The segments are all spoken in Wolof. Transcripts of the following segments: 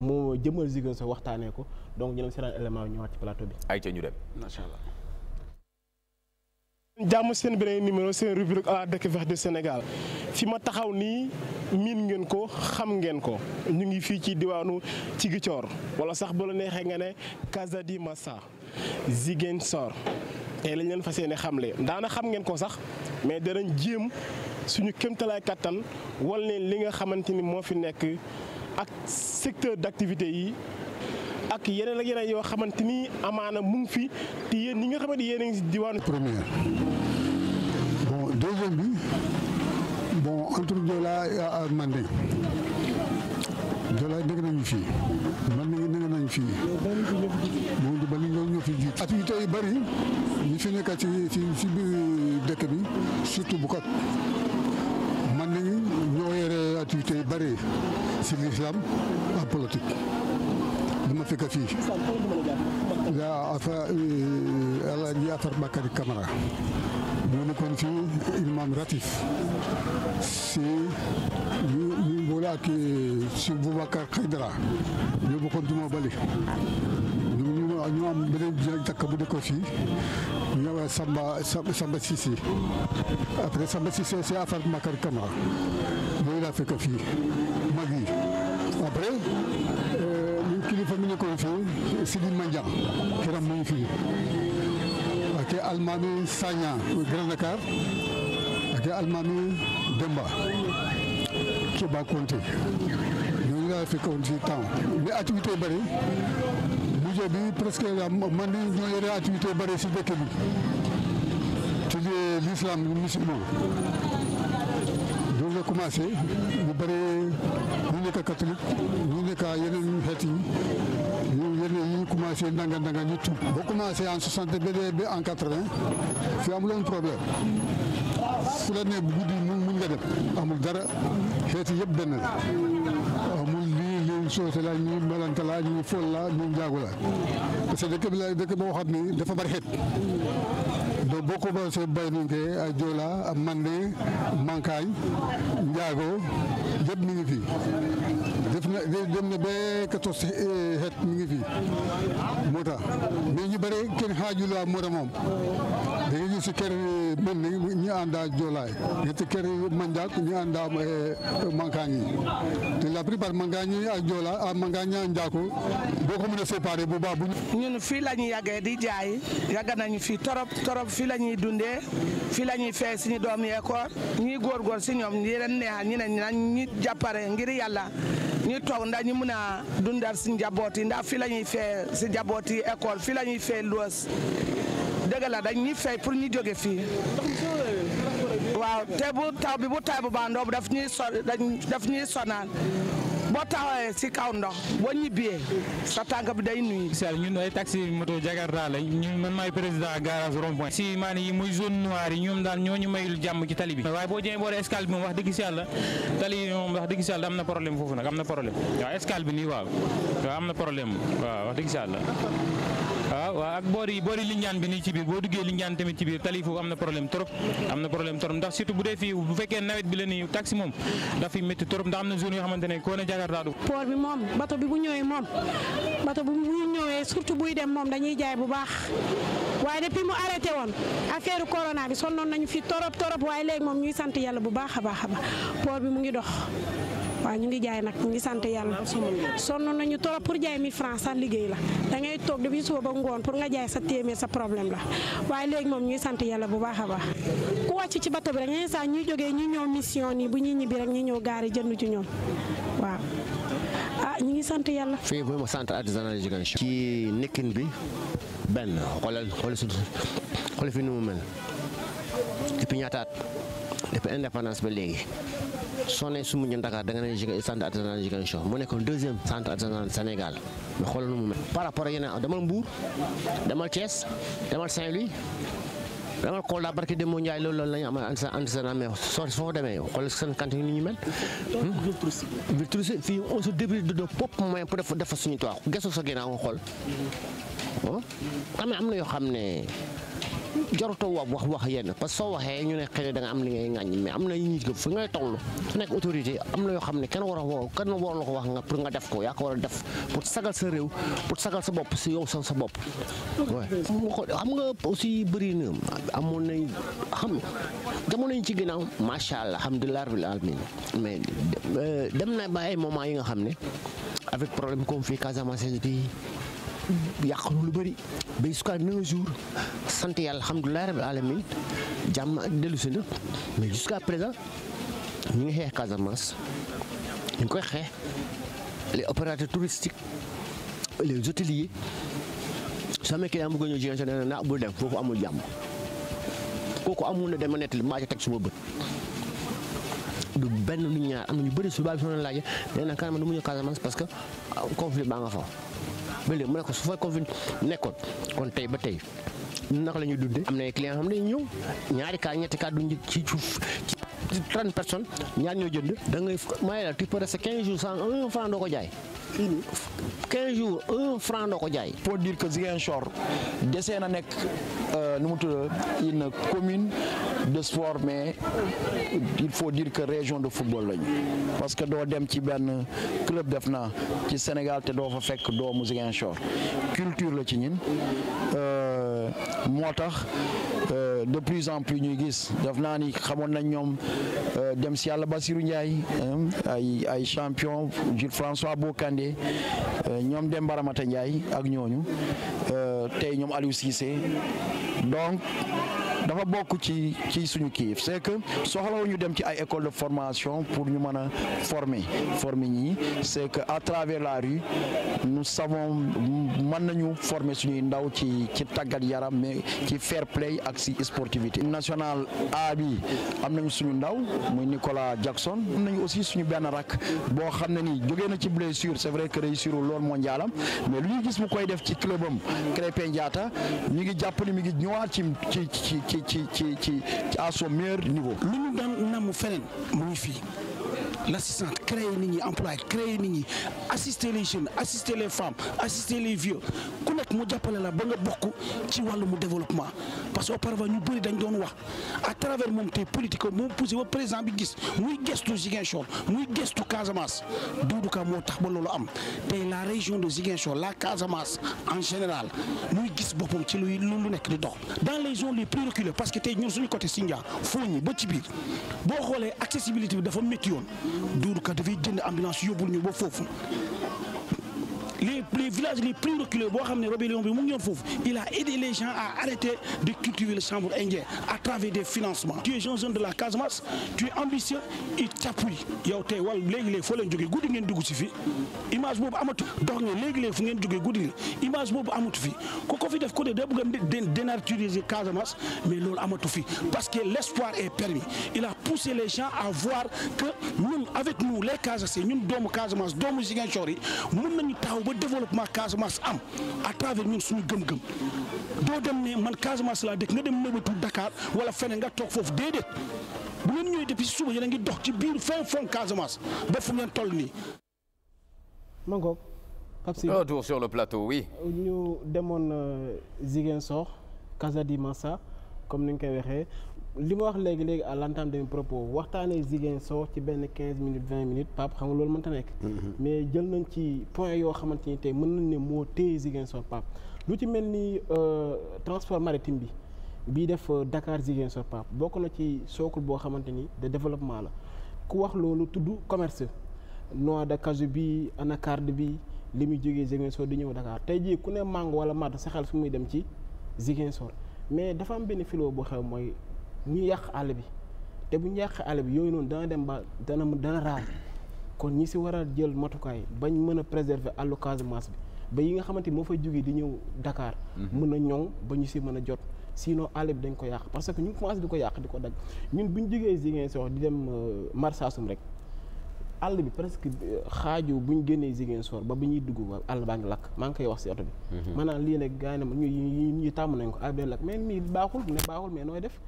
mu jëmal Ziguinchor waxtaanee ko donc ñu dem seen élément yi ñëwaat ci bi. ay ca ñu dem macha allah. jàmm seen beneen numéro seen rubrique à de découverte du Sénégal fi ma taxaw nii miin ngeen ko xam ngeen ko ñu ngi fii ci diwaanu ci Ziguinchor wala sax bu neexee nga ne Casa di Massa Ziguinchor te lañ leen fas yéene xamle daana xam ngeen ko sax mais danañ jéem suñu kéemtalaay kattan wal leen li nga xamante ni moo fi nekk. ak secteur d'activité yi ak yeneen ak yeneen yoo xamante ni amaana mu fi te yéen ñi nga xamante yéen a diwaanu. première bon deuxième bi bon entre Joola ak Mandé Joola dégg nañu fii Mandé dégg nañu fii moom du ba li ñëw fi jiit activité yu bëri ñu fi nekk ci ci dëkk bi surtout bu kat yu si l'islam ak politique bi ma fekk fii. yaa affaire euh, El Hadj Afar Bakary Camara. moo nekkoon fii imam ratif si ñu ñu boole ak si euh, Boubacar Xaydara ñoo bokkoon duma bali am beneen jërëjëf takk bu dëkkoon fii ñu Samba Samba Cissé après Samba Cissé c'est Afar Bakary Camara laa fekk fii mag yi après euh, ñu kilifa mi nekkoon fii Sidi Mandiang kiram mu ngi fii ak almaami Sagna Grand Dakar ak almaami Demba Kéba Konté ñooñu laa fekkoon ci temps mais activité yu bëri mujj bi presque man ni ñoo musulman commencé ñu bëri ñu nekk catholique ñu nekk yeneen xeet yi ñu yeneen yi ñu commencé ndanga ndanga ñu tuub boo commencé en soixante ba dee ba en quatre-vingt fi amuloon problème fu la ne bu guddi mun amul dara xeeti yëpp benn la amul lii lii soose la ñuy melante la ñuy fol la ñuy njaagu la parce que dëkk bi la dëkk boo xam ne dafa bari xeet donc boo commencé Bayninke ak Joola ak Mandé Mankañ Njaago yëpp mi ngi fi. na dem na ba 14 eh, xeet mi ngi fi moo tax mais ñu bëri kenn xaaju la moo tax moom da nga gis si kër eh, mën na ñu àndaa Joolaay ñetti kër Manjak ñu àndaa eh, Mankaañi te la plupart Mankaañi ak Joola ah, Mankaañi ak boo ko mën a séparé bu baax bu ñun fii la ñu yàggee di jaay yàgg nañu fii torop torop fii la ñuy dundee fii la ñuy fay suñu doom yeekoor ñuy góorgóor si ñoom ñi leen ñi ne nañ ñu jàppare ngir yàlla ñu toog ndax ñu mën a dundal si njaboot yi ndax fii la ñuy fee si njaboot yi école fii la ñuy fee luwas dëgg la dañ ñuy fay pour ñu joge fii waaw te bu taw bi bu taw bu baax daf ñuy so daf ñuy sonal boo taxawee si kaw ndox boo ñibbee sa tànk bi day nuyu. sal ñun ay taxi moto jakarta la ñun man maay président garage rond point si maan yi muy zone noire yi ñoom daal ñooñu mayul jàmm ci tali bi waaye boo jëmee boole escale bi moom wax dëgg si yàlla tali yi moom wax dëgg si yàlla am na problème foofu nag am na problème waaw escale bi nii waaw waaw am na problème waaw wax dëgg si yàlla waaw waaw ak boor yi boor yi Lindiane bi nii ci biir boo duggee Lindiane tamit ci biir tali foofu am na problème trop am na problème trop ndax surtout bu dee fii bu fekkee nawet bi la nii taxi moom daf fi métti trop ndax am na zone yoo koo ne Jakarta du port bi moom bato bi bu ñëwee moom bato bu ñëwee surtout buy dem moom dañuy jaay bu baax waaye depuis mu arrêté woon affaire corona bi sonnoon nañu fi torop torop waaye léegi moom ñuy sant yàlla bu baax waaw ñu ngi jaay nag ñu ngi sant yàlla sonn nañu trop pour jaay mi franc sax liggéey la dangay ngay toog depuis suba ba ngoon pour nga jaay sa téeméer sa problème la waaye léegi moom ñuy sant yàlla bu baax a baax ku wàcc ci bato bi rek sax ñuy jógee ñu ñëw mission nii bu ñuy ñibbi rek ñu ñëw gaar gaari jënd ci ñoom waaw ah ñu ngi sant yàlla. fii mooy ma centre artisanal Ziguinchor. ci nekkin bi benn xoolal xoolal su xoolal fi nu mu mel depuis ñaataat depuis indépendance ba léegi. soo nee Soumbédioune Dakar da nga ne centre artisanal Ziguinchor mu nekkoon deuxième centre artisanal Sénégal mais xoolal nu mu mel. par rapport ak yeneen demal Mbour demal Thiès demal Saint-Louis demal Kolda barki Demba Ndiaye loolu lool la ñu am artisanal mais soo soo demee xoolal seen cantine ni ñu mel. Hmm? virtuose fii on se débrouille de pop moyen pour def suñu toit gëstu sa ginnaaw nga xool. xol nga am na yoo xam ne. jaruta wax wax wax yenn parce que soo waxee ñu ne xëy na da am li ngay ŋàññ mais am na ñu am yoo xam ne kenn war a woo kenn war la ko wax nga pour nga def ko yaa ko war a sa réew pour sagal sa bopp si yow sa sa bopp xam nga aussi bëri na amoon nañ xam jamono yi ci ginnaaw macha allah alhamdulilah rabbil alamin mais euh, dem na ba ay moment yi nga xam ne avec problème comme fii Casamance bi yàq lu bari ba jusqu'à neuf sant yàlla alhamdulilah rabbil alamin jàmm ak dellu na mais jusqu'à présent ngi xeex Casamance ñu ngi koy xeex les opérateurs touristiques les hôteliers soo amee client bëgg ñëw jigéen nee na naa bul amul jàmm kooku amul na maa ci teg suma bët du benn du ñaar am na ñu bëri su baax bi soo leen laajee nee na kanam du mu ñëw Casamance parce que ah, conflit baa nga fa ba léegi mu ne ko su nekkoon kon tey ba tey naka la ñuy dundee am na ay clients xam ne ñëw ñaari kaa ñetti kaa duñ ci suuf ci 30 personnes ñaar ñoo jënd da ngay may la tu peux rester 15 jours sans un franc doo ko jaay. 15 jours un ko jaay. pour dire que Ziguinchor desee a nekk euh, nu mu tudd commune. de sport mais il faut dire que région de football lañu parce que doo dem ci benn club def na ci Sénégal te doo fa fekk doomu Ziguinchor culture la ci ñun euh, moo tax euh, de plus en plus ñuy gis def naa ni xamoon nañ ñoom euh, dem si yàlla Basirou Ndiaye ay ay champion Jules François Bocandé ñoom dem Baramata Ndiaye ak ñooñu tey ñoom Aliou Cissé donc dafa bokk ci ci suñu kiif c'est que ñu dem ci ay école de formation pour ñu mën a former former ñi c'est que à travers la rue nous savons mën nañu former suñuy ndaw ci ci tàggat yaram mais ci fair play ak si sportivité national A bi am nañu suñu ndaw muy Nicolas Jackson am nañu aussi suñu benn rak boo xam ne ni jógee na ci blessure c'est vrai que réussir lool mondial am mais lu ñu gis mu koy def ci clubam Krépin Diatta mi ngi jàpp ni mi ngi ñëwaat ci ci ci ci ci à son meilleur niveau. lu ñu daan namm feneen mu ngi fii. l'assistance créer ni ñi emploi créer ni ñi assister les jeunes assister les femmes assister les vieux ku nekk mu jàppale la ba nga bokk ci mu développement parce que auparavant ñu bëri dañ doon wax à travers moom tey politique moom poussé ba président bi gis muy gestu Ziguinchor muy gestu Casamance Doudou Ka moo tax ba loolu am tey la région de Ziguinchor la Casamance en général muy gis boppam ci lu lu nekk di dox dans les zones les plus reculées parce que tey ñun suñu côté Sindia Fogni ba ci biir boo xoolee accessibilité bi dafa métti duurukat dafay jënd ambulance yóbbul ñu ba foofu les villages les plus reculés boo xam ne rébellion bi mu ngi ñoon foofu guddi ngeen dugg si fi image boobu amatu dox ngeen léegi léegi fu ngeen jógee guddi image boobu amatu fi ko fi def ko de da bëgg a dénaturiser Casamance mais loolu amatu fi parce que l'espoir est permis il a poussé les gens à voir que ñun avec nous les Casamançais ñun doomu Casamance doomu Ziguinchor yi mën nañu taxaw ba développer développement Casamance am à travers ñun suñu gëm-gëm doo dem ne man Casamance laa dëkk nga dem nëbatu dakaar wala feneen nga toog foofu déedéet bu ngeen ñëwee depuis suba yéen a ngi dox ci biir fin fond Casamance ba fu ngeen toll nii. Mangok. retour sur le plateau ñu demoon euh, Ziguinchor Casa di Massa comme ni nga koy waxee. li ma wax léegi léegi à l'entame de mes propos waxtaanee Ziguinchor ci benn quinze minutes vingt minutes pap xam nga loolu mënta nekk. Mm-hmm. mais jël nañ ci point yoo xamante ni tey mën nañ ne moo téye Ziguinchor Pape lu ci mel ni euh, transport maritime bi bi def euh, Dakar Ziguinchor Pape bokk na ci socle boo xamante ni de développement la ku wax loolu tudd commerce noix de cajou bi anacarde bi li muy jógee Ziguinchor di ñëw dakaar tey jii ku ne mango wala màdd sa xel fu muy dem ci Ziguinchor mais dafa am benn filo boo xew mooy. ñu yàq àll bi te bu ñu yàq àll bi yooyu noonu dana dem ba dana dana kon ñi si war a jël matukaay bañ mën a préserver àllu bi ba yi nga xamante ni moo fay jógee di ñëw Dakar. Mhm. mën a ñoŋ ba ñu si mën a jot. sinon àll bi dañ ko yàq parce que ñu commencé di ko yàq di ko dagg ñun bu ñu jógee Ziguinchor di dem euh, Marsassoum rek àll bi presque euh, xaaju bu ñu génnee Ziguinchor ba bu ñuy dugg ba àll baa ngi lakk maa ngi koy wax si oto bi. Mhm. naa lii ne gars yi ñu ñu tàmm nañ ko àll bi lakk mais mii baaxul ne baaxul mais nooy def.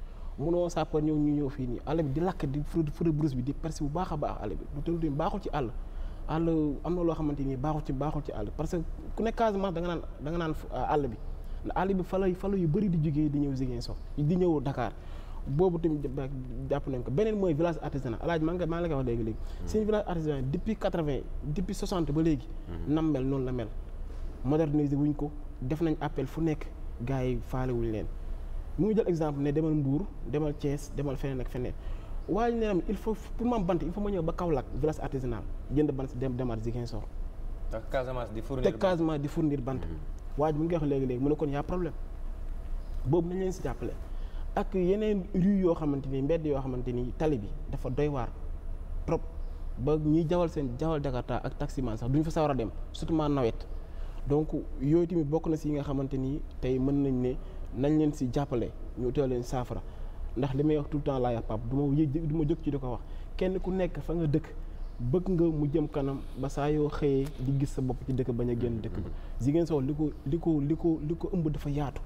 munoo sapeur ñëw ñu ñëw fii nii àll bi di lakk di feu de brousse bi di percé bu baax a baax àll bi du tëdd di baaxul ci àll àll am na loo xamante ni baaxul ci baaxul ci àll parce que ku nekk Casamance da nga naan nga naan ah, àll bi àll bi falo fala yu bëri di jógee di ñëw Ziguinchor di ñëw dakaar boobu tamit jàpp nañ ko beneen mooy village artisanal alaaj maa ngi maa ngi la koy wax léegi léegi hmm. seen village artisanal depuis quatre-vingt depuis soixante ba léegi hmm. nam mel noonu la mel moderniser wuñ ko def nañ appel fu nekk gars yi faale leen mu ngi jël exemple ne demal Mbour demal Thiès demal feneen ak feneen waaye nee na il faut pour ma bant il faut ma ñëw ba Kaolack village artisanal jënd bant dem demaat Ziguinchor. ndax Casamance di fournir. te Casamance di fournir bant. Mhm. waaye mu ngi wax léegi léegi mu ne kon y' problème boobu nañ leen si jàppale ak yeneen rue yoo xamante ni mbedd yoo xamante ni tali bi dafa doy waar trop ba ñuy jawal seen jawal Jakarta ak taximan sax duñ fa sawar a dem surtout ma nawet. donc yooyu tamit bokk na si yi nga xamante ni tey mën nañ ne nañ leen si jàppale ñu utal leen saafara ndax li may wax tout le temps laay wax Pape du ma du ma jëkk ci di ko wax kenn ku nekk fa nga dëkk bëgg nga mu jëm kanam ba saa yoo xëyee di gis sa bopp ci dëkk bañ a génn dëkk bi. Ziguinchor li ko li ko li ko li ko ëmb dafa yaatu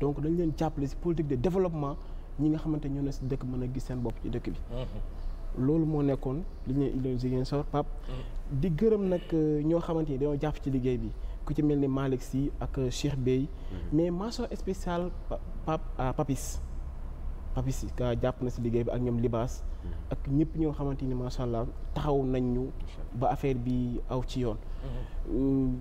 donc dañ leen jàppale si politique de développement ñi nga xamante ñoo ne si dëkk mën a gis seen bopp ci dëkk bi. Mm-hmm. loolu moo nekkoon li ñuy Ziguinchor Pape. Mm-hmm. di gërëm nag euh, ñoo xamante ni dañoo jàpp ci liggéey bi. ku ci mel ni Malick si ak Cheikh Bey mhm. mais mention spéciale pap ah, Papis Papis yi ka jàpp na si liggéey bi ak ñoom libaas mhm. ak ñëpp ñoo xamante ni macha allah taxaw nañ ñu ba affaire bi aw ci yoon mhm. mm,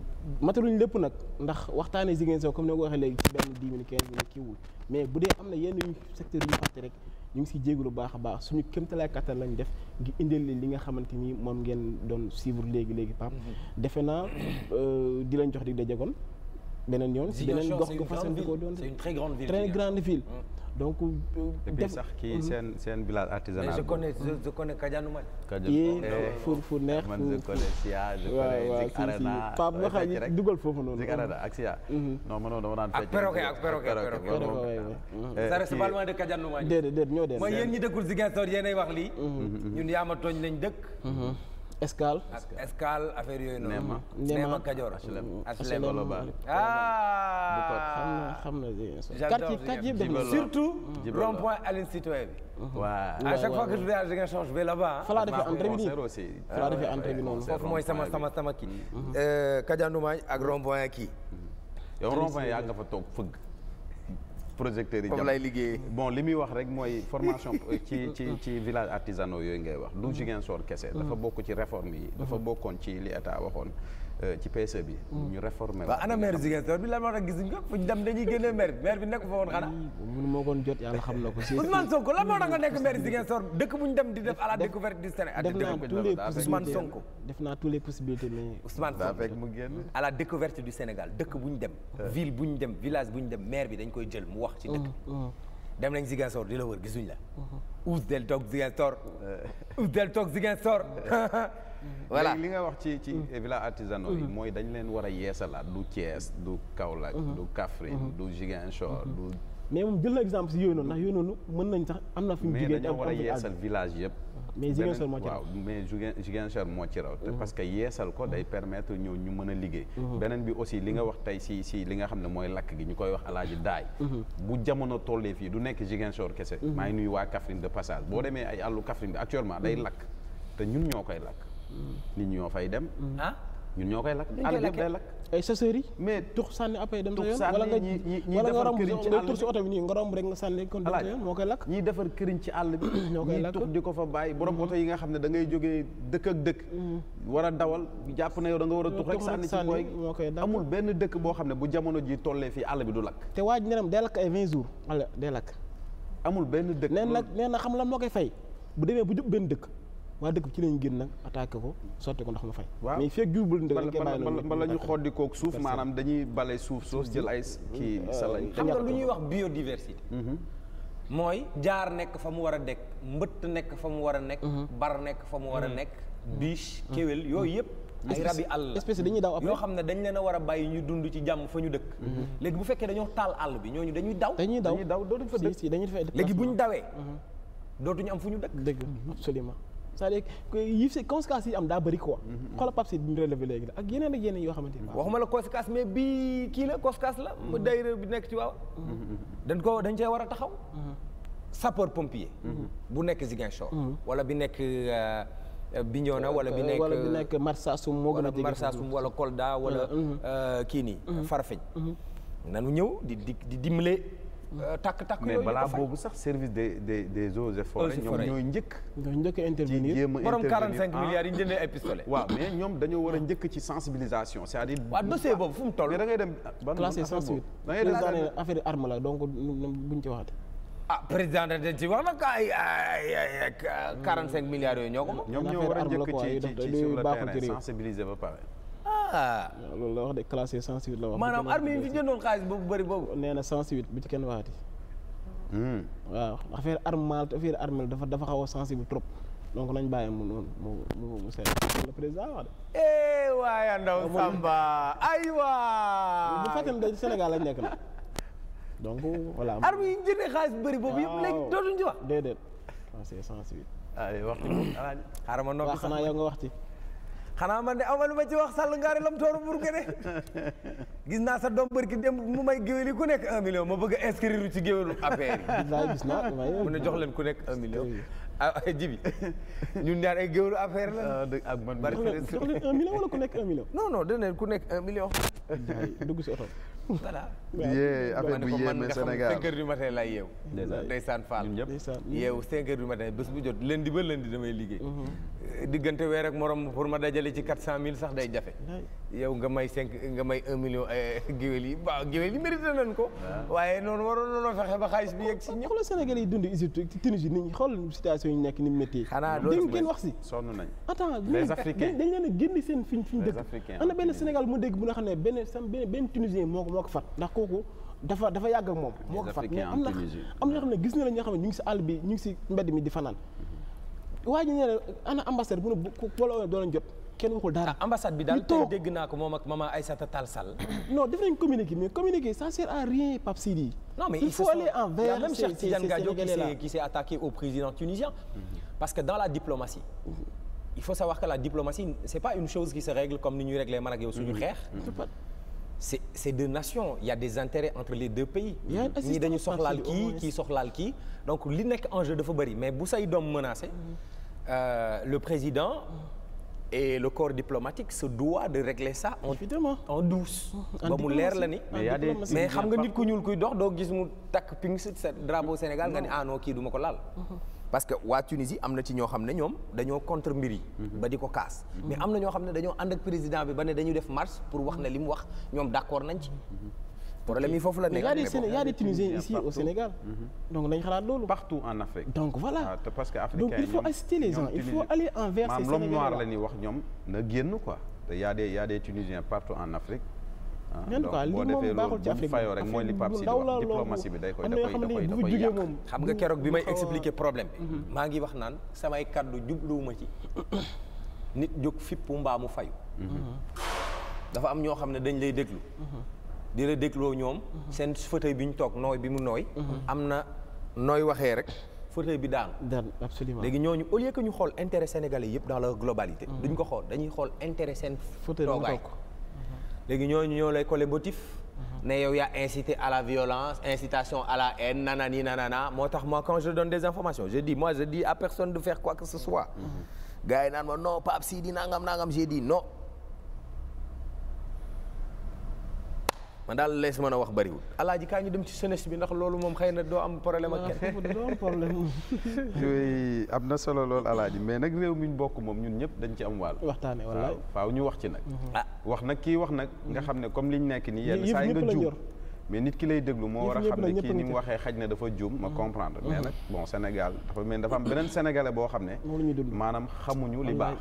mataluñ lépp nag ndax waxtaane Ziguinchor comme ni ma waxee léegi ci benn dix kiiwul mais bu dee am na yenn secteur yu fàtte rek ñu ngi si jéegu lu baax a baax suñu kéemtalaay kattan lañ def ngir indil li nga xamante ni moom ngeen doon suivre léegi léegi Pape. Mhm. defe naa euh, di lañ jox di daje kon beneen yoon. si beneen gox gu fasantikoo doon c'est une très grande ville. donc. Euh, sax kii mhm. seen seen village artisanal. mais je connais je, je eh, neex. man je connais Sia je dugal foofu noonu. Zik Arana ak Sia. Mhm. non man dama daan fecc. ak perroquet ak perroquet ak perroquet. ça eh, mhm. reste pas loin de Kadianou wax lii. ñun Yaama Tooñ lañ dëk Escale. Escale affaire yooyu noonu. Neema Neema Kajoor. HLM HLM ah. xam na xam na quartier quartier bi surtout. rond point Aline Sitoé bi. waaw à chaque fois que je vais à Ziguinchor je vais bi nii fa laa defee entrée bi noonu. foofu mooy sama sama sama kii. Mm-hmm. Euh, Kajandumaay ak rond point kii. Mm-hmm. yow rond point yaa nga fa toog fëgg. projecteurs yi jàpp lay liggéeyee bon li muy wax rek mooy formation euh, ci ci ci village artisanaux yooyu ngay wax du Ziguinchor mm-hmm. kese dafa mm-hmm. bokk ci réforme yi dafa bokkoon ci li état waxoon Euh, ci PSE bi. Mm. ñu réformer waaw ana maire Ziguinchor bi lan moo tax gis nga fu ñu dem dañuy génnee maire bi maire bi nekk fa woon mun moo koon jot yàlla xam na ko. Ousmane Sonko lan moo tax nga nekk maire Ziguinchor dëkk bu dem village bu dem maire bi dañ koy jël mu wax ci dëkk. Mm, mm. dem nañ Ziguinchor di la wër gisuñ la. Ousdel toog toog Ziguinchor euh. Mhm. voilà li nga wax ci ci mhm. village artisanaux yi mhm. mooy dañ leen war a yeesalaat du Thiès du Kaolack du Kaffrine du Ziguinchor du mais moom jël na exemple si yooyu noonu mën nañ sax am na fi mu jigéen mais dañoo war a yeesal village yëpp mais Ziguinchor moo ci raw mais Ziguinchor moo ci raw parce que yeesal ko day permettre ñoo ñu mën a liggéey beneen bi aussi li nga wax tey si si li nga xam ne mooy lakk gi ñu koy wax alaaji daay bu jamono tollee fii du nekk Ziguinchor kese maa ngi nuyu waa Kaffrine de passage boo demee ay àllu Kaffrine bi day lakk te ñun ñoo koy lakk Mm. nit ñi ñoo fay dem. Mm. ah ñun ñoo koy lakk. àll yëpp day lakk ay chasseurs mais tux sànni après dem sa yoon wala nga wala nga romb nga tur si oto bi nii nga romb rek nga sànni kon dem sa yoon moo koy lakk. ñiy defar këriñ ci àll bi. ñoo koy lakk ko bàyyi borom mm-hmm. oto yi nga xam ne da ngay jógee dëkk ak dëkk. Mm. war a dawal jàpp na yow da nga war a tux rek sànni ci booy amul benn dëkk boo xam ne bu jamono ji tollee fii àll bi du lakk. te waa ji neram day lakk ay 20 jours àll day lakk. amul benn dëkk. nee na na xam lan moo koy fay bu demee bu jub benn dëkk waa dëkk bi ci lañ génn nag attaqué ko sotti ko ndox mu fay mais fekk jubul mbala ñu xoddi kook suuf maanaam dañuy bale suuf soos jël ay kii euh, salañ xam nga lu ñuy wax biodiversité mhm. mooy jaar nekk fa mu war a nekk mbëtt nekk fa mu war a nekk mhm. bar nekk fa mu war a mhm. nekk biche kéwél yooyu yëpp ay rabi àll la espèce dañuy yoo xam ne dañ leen a war a bàyyi ñu dund ci jàmm fa ñu dëkk léegi bu fekkee dañoo taal àll bi ñooñu dañuy daw dañuy daw dootuñ fa dëkk léegi bu ñu dawee dootuñu am fu ñu dëkk dëgg absolument c'est-à-dire yii si conséquences yi am daa bëri quoi. xoolal Pape Sidi bi mu relevé léegi la ak yeneen ak yeneen yoo xamante ni. waxuma la conséquence mais bii kii la conséquence la. mu mm-hmm. daayira bi nekk ci waaw. Mm-hmm. dañ ko dañ cee war a taxaw. Mm-hmm. sapeur pompier. bu nekk Ziguinchor. wala bi nekk euh, euh, Bignona wala bi nekk. wala bi nekk Marsassoum moo gën a jege Marsassoum wala Kolda euh, kii nii Farfeñ. nanu ñëw di di di dimbale. Euh, takk-takk yooyu mais balaa boobu sax service des des des eaux et forêts ñoom ñooy njëkk. ñooy njëkk a intervenir ci jéem a intervenir borom 45 ah. milliards yi ñu jëndee ay pistolets. waaw mais ñoom dañoo war a njëkk ci sensibilisation c'est-à-dire. waaw dossier boobu fu mu toll. mais da ngay dem ban classé sans suite. da ngay dem affaire arme la donc buñ ci waxate ah président dañ ci wax na ka ay ay 45 milliards yooyu ñoo ko moom. ñoom ñoo war a njëkk ci ci sur le terrain sensibiliser ba pare. ah. loolu la wax de classé 108 la wax. maanaam armes yi ñu na 108 bu ci kenn waxati. Hmm. waaw affaire arme dafa dafa xaw a sensible bu eh fekkee ne lañ nekk la donc voilà. armes yi ñu jëndee xaalis bëri boobu yëpp léegi dootuñ ci wax. déedéet classé 108. allez wax xaaral ma noppi sax xanaa yow nga wax ci. xanaa man de amal ma ci wax sàll ngaari lam tooru bur ge de gis naa sa doom bërki dem mu may géwél yi ku nekk un million ma bëgg a inscrire ci géwélu affaire yi mu na jox leen ku nekk un million ah eh, jibi ñun ñaar ay géwélu affaire la. Ah, ak man bari jox leen un million wala ku nekk un million. non non danañ ku nekk un million. dugg si voilà. yee affaire bu yéeme Sénégal bu jot lundi mhm. nga may cinq nga may eh, yi waaw géwél yi mérité nañ ko. yi nekk ni mu métti. xanaa loolu wax si. sonn nañ attends les dañ leen a génn seen fiñ fiñ dëkk. les benn Sénégal mu dégg bu nga xam ne benn sam moo ko moo ko fat ndax kooku dafa dafa yàgg moom moo ko fat am na am na xam ne gis na la xam ne ñu ngi si àll bi ñu ngi si mbedd mi di fanaan waa ji nee na ana ambassade bu ne wala doo leen jot kenn waxul dara ambassade bi daal tey dégg naa ko moom ak maman Aïssata Tall Sall non def nañ communiqué mais communiqué ça sert à rien Pape Sidi non il faut aller envers même Cheikh Tidiane Gadio qui au président tunisien mm-hmm. parce que dans la diplomatie il faut savoir que la diplomatie c'est c'est deux nations il des intérêts entre les deux pays ñii dañu soxlaal kii kii soxlaal ki donc li nekk enjeu dafa bëri mais bu say doom menacé euh, le président et le corps diplomatique se doit de régler ça en en douce ba mu leer la ni mais xam nga nit ku ñuul kuy dox doo gis mu takk ping si drapeau Sénégal nga ni ah non kii duma ko laal mm-hmm. parce que waa Tunisie am na ci ñoo xam ne ñoom dañoo contre mbir yi. Mhm. ba di ko kaas. Mhm. mais am na ñoo xam ne dañoo ànd ak président bi ba ne dañu def marche pour wax ne li mu wax ñoom d'accord nañ ci. Mhm. problème yi foofu la nekk mais y a des xalaat loolu. partout en Afrique. donc voilà ah, parce que africain donc il il faut aller envers ces Sénégalais maam l'homme noir wax ñoom na génn quoi. te y a des y a des Tunisiens partout en Afrique. Ah, en tout cas li moom baaxul ci Afrique rek mooy li Pape Sy di wax diplomatie bi day da koy yàq xam nga keroog bi may expliquer problème bi mhm. maa ngi wax naan samay kaddu jubluwuma ci nit jóg fippu mbaamu mu fayu mhm. dafa am ñoo xam ne dañ lay déglu mhm. di la dégloo ñoom seen fauteuil bi ñu toog nooy bi mu nooy am na nooy waxee rek fauteuil bi daanu daan absolument léegi ñooñu au lieu que ñu xool intérêt sénégalais yëpp dans la globalité duñ ko xool dañuy xool intérêt seen toogaay léegi ñooñu ñoo lay collé motif mhm. ne yow yaa incité à la violence incitation à la haine nanani nanana moo tax moi quand je donne des informations je dis moi je dis à personne de faire quoi que ce soit mhm. gars yi naan ma non Pape Sidi nangam nangam j'ai di non man daal lees mën a wax bëriwul. alaaji kaa ñu dem ci jeunesse bi ndax loolu moom xëy na doo am problème ak kenn. doo am problème yooyu am na solo lool alaaji mais nag réew mi ñu bokk moom ñun ñëpp dañ ci am wàll. waxtaanee wala faaw ñu wax ci nag. Mm-hmm. ah wax nag kii wax nag. nga xam ne comme li ñu nekk nii yenn saa yi nga juum mais nit ki lay déglu moo war a xam ne kii ni mu waxee xaj na dafa juum ma mm-hmm. comprendre mm-hmm. mais nag bon Sénégal dafa mel dafa am beneen sénégalais boo xam ne maanaam xamuñu li baax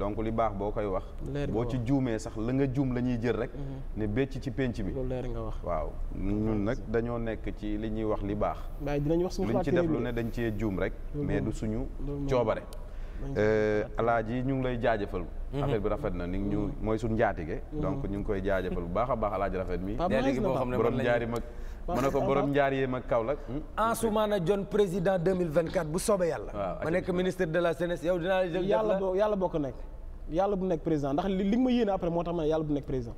donc li baax boo koy wax boo ci juumee sax la nga juum la ñuy jël rek mm-hmm. ne bécc ci pénc bi waaw ñun nag dañoo nekk ci li ñuy wax li baax luñ ci def lu ne dañ cee juum rek mais du suñu coobare yi euh, ñu ngi lay jaajëfal mhm. affaire bi rafet na ni ñu mhm. mooy suñ njaatige mhm. donc ñu ngi koy jaajëfal bu baax baax alaaji rafet mi léegi boo xam ne borom njaari mag ma ne ko borom njaari yee mag Kaolack hmm? Ansoumana président 2024 bu soobee yàlla ma nekk ministre de la jeunesse yow dinaa la jël yàlla boo yàlla boo ko nekk yàlla bu nekk président ndax li li ma yéene après moo tax ma ne yàlla bu nekk président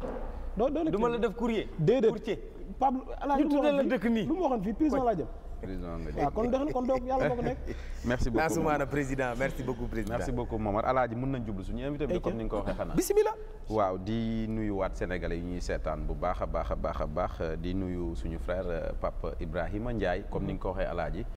doo doo nekk du ma la def courrier déedéet courtier Pablo alaaji lu ma président nga dégg waaw kon def na kon donc yàlla boo ko nekk. merci beaucoup Nasoumana président merci beaucoup président. merci beaucoup Momar Alaaji mën nañ jublu suñu invité bi comme ni nga ko waxee xanaa. bisimilah. waaw di nuyuwaat sénégal yi ñuy seetaan bu baax a baax a baax a baax di nuyu suñu frère Pape Ibrahima Ndiaye comme ni nga ko waxee Alaaji